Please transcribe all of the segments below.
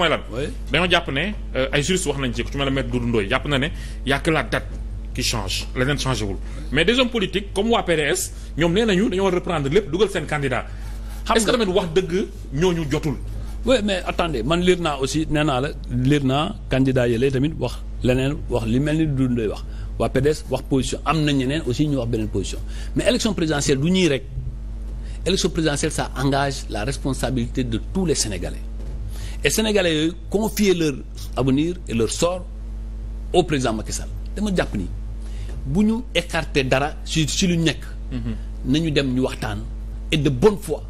mooy lan. dañoo jàpp ne euh, ay juristes wax nañ ci ku ci mel ne maître jàpp na ne y a que la date change leneen changé wul mais des hommes politiques comme waa PDS ñoom nee nañu dañoo reprendre lépp dugal seen candidat. xam nga tamit wax dëgg ñooñu jotul. oui mais attendez man liir naa aussi nee naa la liir naa candidat yële tamit wax leneen wax li mel ni du Ndoye wax waa PDS wax position am na ñeneen aussi ñu wax beneen position mais élection présidentielle du rek élection présidentielle ça engage la responsabilité de tous les Sénégalais. et sénégalais yooyu confier leur avenir et leur sort au président Macky Sall dama jàpp ni bu ñu écarter dara si si lu nekk. Mhm. nañu dem ñu waxtaan. et de bonne foi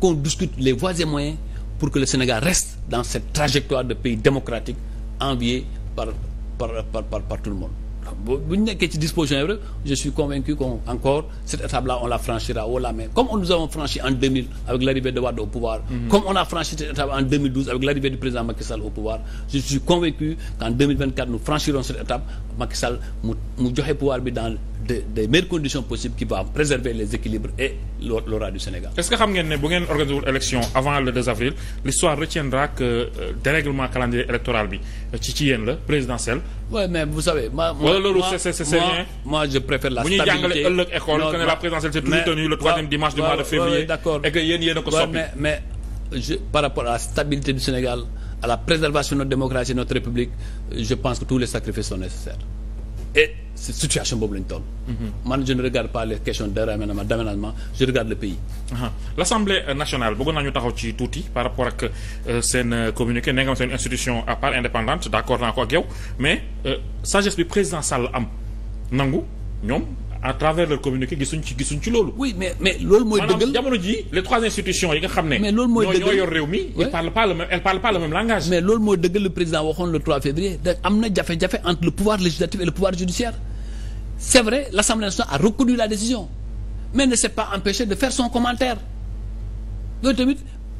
qu'on discute les voies et moyens pour que le Sénégal reste dans cette trajectoire de pays démocratique enviée par par par par, par tout le monde. bu ñu nekkee ci disposition yi rek je suis convaincu qu'on encore cette étape on la franchira haut la main comme on nous avons franchi en 2000 avec l'arrivée de Wade au pouvoir mm-hmm. comme on a franchi cette étape en avec l'arrivée du président Macky au pouvoir je suis convaincu qu'en nous franchirons cette étape Macky Sall mu pouvoir bi dans des des meilleures conditions possibles qui vont préserver les équilibres et l'aura du Sénégal. est-ce que xam ne ngeen organiser wul élection avant le 2 avril l'histoire retiendra que euh, dérèglement calendrier électoral bi euh, la présidentielle. oui mais vous savez. je préfère la stabilité bu ñuy jàngale dimanche du mois de février. et que a ko soppi. mais mais je par rapport à la je pense que tous les sacrifices sont nécessaires. e cette situation boobu la ñu toll. Mhm. man je ne regarde pas les questions de raménement d'aménagement je regarde le pays. l' nationale bëggoon naa ñu taxaw ci tuuti par rapport ak euh, seen euh, communiqué nee nga ma seen institution à part indépendante d' accord naa ko ak yow mais euh, sagesse bi président Sall am nangu ñoom. à travers leur communiqué gisuñ ci gisuñ ci loolu. oui mais mais loolu mooy ne. mais loolu mooy dëggal ñoo yor réew mi. ils parlent pas le même elles le président waxoon le février da am na jafe-jafe entre le pouvoir législatif et le pouvoir judiciaire c'est vrai l'Assemblée nationale a reconnu la décision mais ne s'est pas empêché de faire son commentaire loolu tamit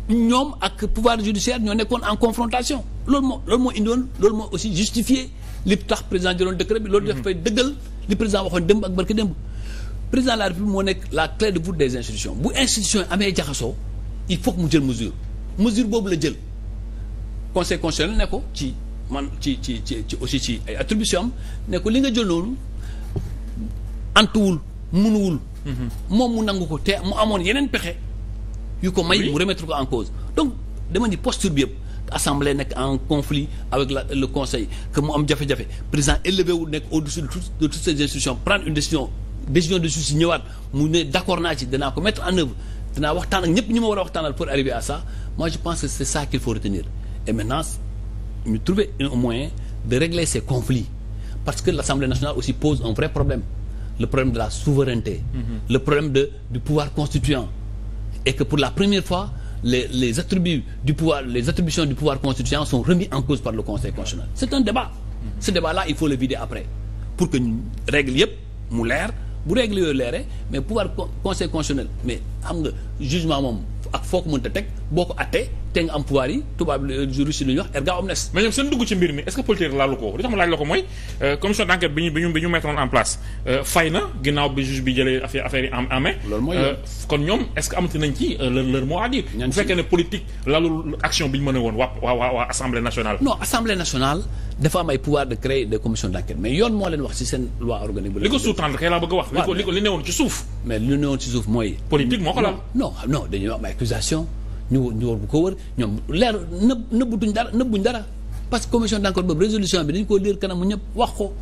ñoom ak pouvoir judiciaire ñoo nekkoon en confrontation loolu moo loolu moo indiwoon loolu moo aussi justifié li tax président jëloon décret bi. loolu mhm. dafay dëggal. li président waxoon démb ak barki démb président de la république moo nekk la clé de voûte des institutions bu institution amee jaxasoo il faut mu jël mesure mesure boobu la jël conseil constitutionnel ne ko ci man ci ci ci ci aussi ci ay attribution am ne ko li nga jël noonu antuwul munuwul. Mhm. moom mu nangu ko te mu amoon yeneen pexe yu ko may mu remettre ko en cause donc dama ni posture bi yëpp assemblée nekk en conflit avec la, le conseil que mu am jafe-jafe président élevé wu nekk au-dessus de, tout, de toutes ces institutions prendre une décision décision de justice ñëwaat mu ne d'accord naa ci danaa ko mettre en œuvre danaa waxtaan ak ñëpp ñi ma war a waxtaanal pour arriver à ça je pense que c'est ça qu'il faut retenir et maintenant ñu trouver un moyen de régler ces conflits parce que l'Assemblée nationale aussi pose un vrai problème la souveraineté mm fois les les attributs du pouvoir les attributions du pouvoir constituant sont remis en cause par le conseil constitutionnel c'est un débat ce débat là il faut le vider après pour que règle yëpp mu leer bu règle yooyu leeree mais pouvoir conseil constitutionnel mais am nga jugement moom ak foo ko mënta teg boo ko attee te nga am pouvoir yi tubaab juriste lu ñuy wax erga omnes. mais ñoom seen dugg ci mbir mi est-ce que politique laalu ko li tax ma laaj la ko mooy euh, commission d'enquête bi ñu bi ñu bi ñu mettre en place euh, fay na ginnaaw bi juge bi jëlee affaire affaire yi en en main. loolu mooy euh, kon ñoom est-ce que amati nañ ci leur leur mot à dire. bu fekkee ne politique laalu action bi ñu mën a woon waa waa waa assemblée nationale. non assemblée nationale dafa am ay pouvoir de créer des commissions d'enquête mais yoon moo leen wax ci seen loi organique. bu leen ko li ko sous-tendre kay laa bëgg a wax. li ko li ko li newoon ci suuf. mais li newoon ci suuf mooy. politique moo ko laal non non dañuy wax ay accusation ñu ñu war ko wër ñoom leer nëb nëbbutuñ dara nëbbuñ dara parce que commission d'enquête boobu résolution bi dañ ko liir kanamu ñëpp wax ko.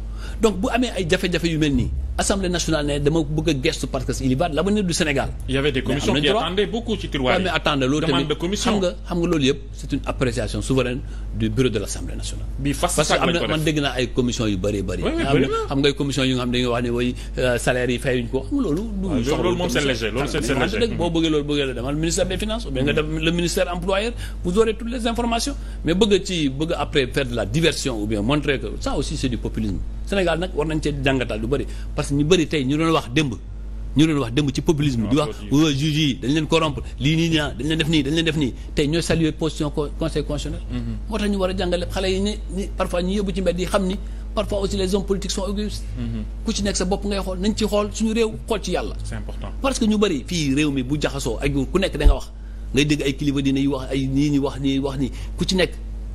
donc bu amee ay jafe-jafe yu mel nii assemblée nationale ne dama bëgg a gestu parce que il va de l'avenir du Sénégal. il y ci tiroir yi mais attendez loolu tamit xam nga xam nga loolu yëpp c'est une appréciation souveraine du bureau de l'assemblée nationale. bii fas parce que am na man dégg naa ay commissions yu bëri bëri. xam nga commission yu nga xam dañuy wax ne way euh, salaire yi fayuñ ko xam nga loolu. du soxla loolu moom c'est ah, ministère des Sénégal nag war nañ cee jàngataal lu bëri parce que ñu bëri tey ñu doon wax démb ñu doon wax démb ci populisme di wax wa juge yi dañ leen corrompre lii nii naa dañ leen def nii dañ ñooy saluer position conseil constitutionnel mm-hmm. moo tax ñu war a jàngale xale yi ni parfois ñu yóbbu ci mbedd yi xam ni parfois aussi les hommes politiques sont égoïstes mm-hmm. ku ci nekk sa bopp ngay xool nañ ci xool suñu réew xool ci yàlla parce que ñu bari fii réew mi bu jaxasoo ak ku nekk da wax ngay dégg ay kilifa dina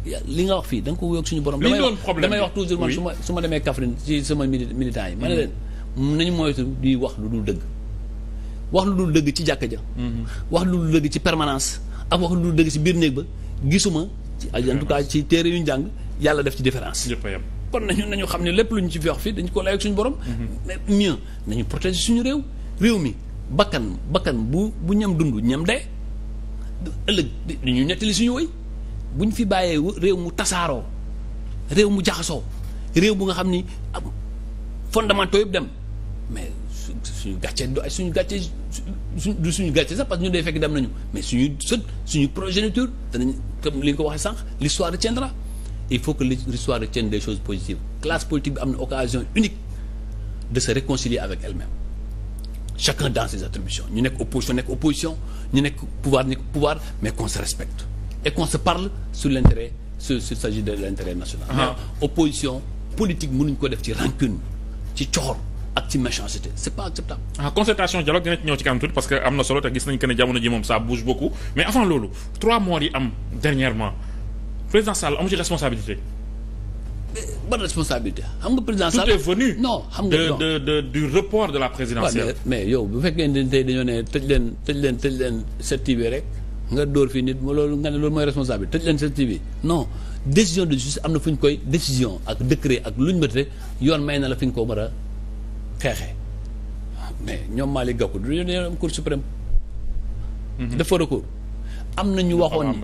li nga wax fii da nga ko wuyoog suñu borom. damay doon problème damay wax toujours man su ma su ma demee Kaffrine ci sama militant yi. ma ne leen nañu moytu di wax lu dul dëgg. wax lu dul dëgg ci jàkk ja. Mhm. wax lu dul dëgg ci permanence ak wax lu dul dëgg ci biir néeg ba gisuma. ci en tout cas ci téere yu njàng yàlla def ci différence. kon nañu nañu xam ne lépp lu ñu ci wax fii dañu ko lay ak suñu borom. Mhm. mais mieux nañu protéger suñu réew. réew mi bakkan bakkan bu bu ñam dund ñam dee ëllëg suñu woy bu ñu fi bàyyee réew mu tasaaroo réew mu jaxasoo réew bu nga xam ni fondamentaux yëpp dem mais suñu gàcce du ay suñu gàcce su suñu gàcce sax parce que ñu day fekk dem nañu mais suñu sët suñu progéniture danañ comme li nga ko waxee sànq l'histoire retiendra il faut que l'histoire retienne des choses positives classe politique bi am na occasion unique de se réconcilier avec elle-même chacun dans ses attributions ñu nekk opposition nekk opposition ñu nekk pouvoir nekk pouvoir mais qu'on se respecte et qu'on se parle sur l'intérêt sur sa s'agit de l'intérêt national ah. mais opposition politique mënuñ ko def ci rancune ci coxor ak ci méchanceté c'est pas acceptable. ah concertation dialogue dina ci ñëw ci kanam tuuti parce que am na solo te gis nañ que ne jamono ji moom ça bouge beaucoup mais avant loolu trois mois yi am dernièrement président Sall amu ci responsabilité. ban responsabilité xam nga président Sall tout est venu. non xam nga du report de la présidentielle. mais yow bu fekkee ne tey dañoo ne tëj leen tëj leen tëj leen sept rek. nga dóor fii nit loolu nga ne loolu mooy responsabilité tëj leen seen TV non décision de justice am na fu ñu koy décision ak décret ak luñ mate yoon may na la fi nga ko mën a xeexee mais ñoom Malick Gakou du ñu am cour suprême mhm. dafa recours am na ñu waxoon ni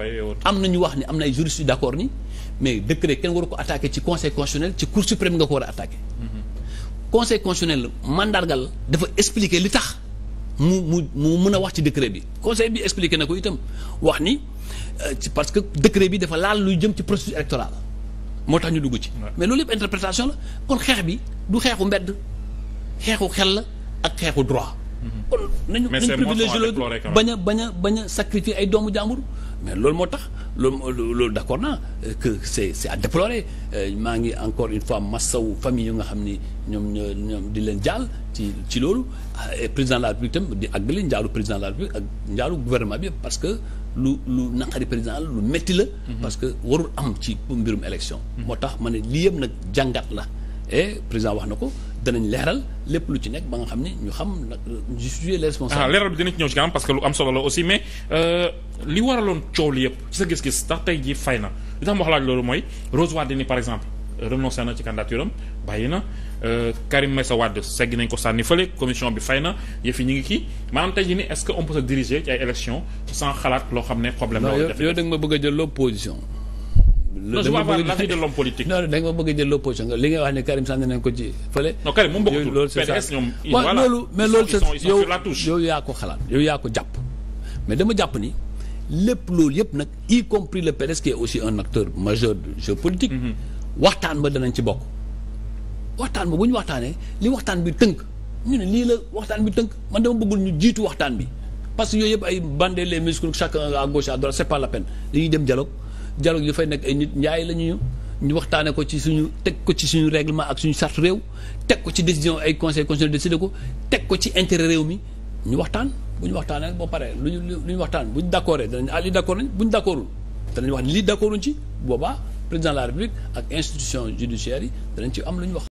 am na ñu wax ni am na ay juristes yu d'accord ni mais décret kenn waru ko attaqué ci conseil constitutionnel ci cour suprême nga ko war a attaqué mhm. conseil constitutionnel mandargal dafa expliquer li mu mu mu mën a wax ci décret bi conseil bi expliqué na ko itam wax ni euh, parce que décret bi dafa laal luy jëm ci processus électoral moo tax ñu dugg ci. mais loolu yëpp interprétation la kon xeex bi du xeexu mbedd xeexu xel la ak xeexu droit. Mhm. kon nañu nañu privilégié loolu bañ a bañ a bañ a sacrifier ay doomu jàmbur mais loolu moo tax. loolu loolu d' accord naa euh, que c' est c' est à déplorer euh, maa ngi encore une fois massawu famille yu nga xam ni ñoom ñoom di leen jaal ci ci loolu ah, président la République tam di li njaalu président de la République ak njaalu gouvernement bi parce que lu lu naqari président lu métti la. Mm-hmm. parce que warul am ci mbirum élection. Mm-hmm. moo tax ma ne lii yëpp nag jàngat la e président wax na ko. danañ leeral lépp lu ci nekk ba nga xam ne ñu xam ñu situer les responsables. Ah, leeral bi dina ci ñëw ci kanam parce que lu am solo la aussi mais euh, li waraloon coow li yëpp ci sa gis-gis ndax tey jii fay na li tax ma wax loolu mooy Rose Wardini par exemple renoncé na ci candidature am bàyyi na euh, Karim Meïssa Wade segg nañ ko sànni fële commission bi fay na yëf yi ñu ngi kii maanaam tey jii ni est-ce que on peut se diriger ci ay xalaat loo xam ne problème la. yow nga bëgg a jël non je veux avoir l'avis de l'homme politique. non da nga ma a jël l'opposition nga li nga ne Karim ko ci fële. non yaa ko xalaat yow yaa ko jàpp mais dama jàpp ni lépp loolu yëpp nag y compris le PDS qui est aussi un acteur majeur du jeu politique mhm. waxtaan ba danañ ci bokk waxtaan ba bu ñu waxtaanee li waxtaan bi tënk ñu ne lii la waxtaan bi tënk man dama bëggul ñu jiitu waxtaan bi parce que yooyu yëpp ay bandé les muscles chacun à gauche à droite c'est pas la peine dañuy dem dialogue dialogue yi fay nekk ay nit njaay la ñuy ñu waxtaane ko ci suñu teg ko ci suñu réglement ak suñu charte réew teg ko ci décision ay conseil conseil décidé ko teg ko ci intérêt réew mi ñu waxtaan bu ñu waxtaanee boo paree lu ñu lu ñu waxtaan bu ñu d' accord danañ ah li d' accord nañ wax lii d' ci booba président de la république ak institution judiciaire yi danañ ci am lu ñu wax.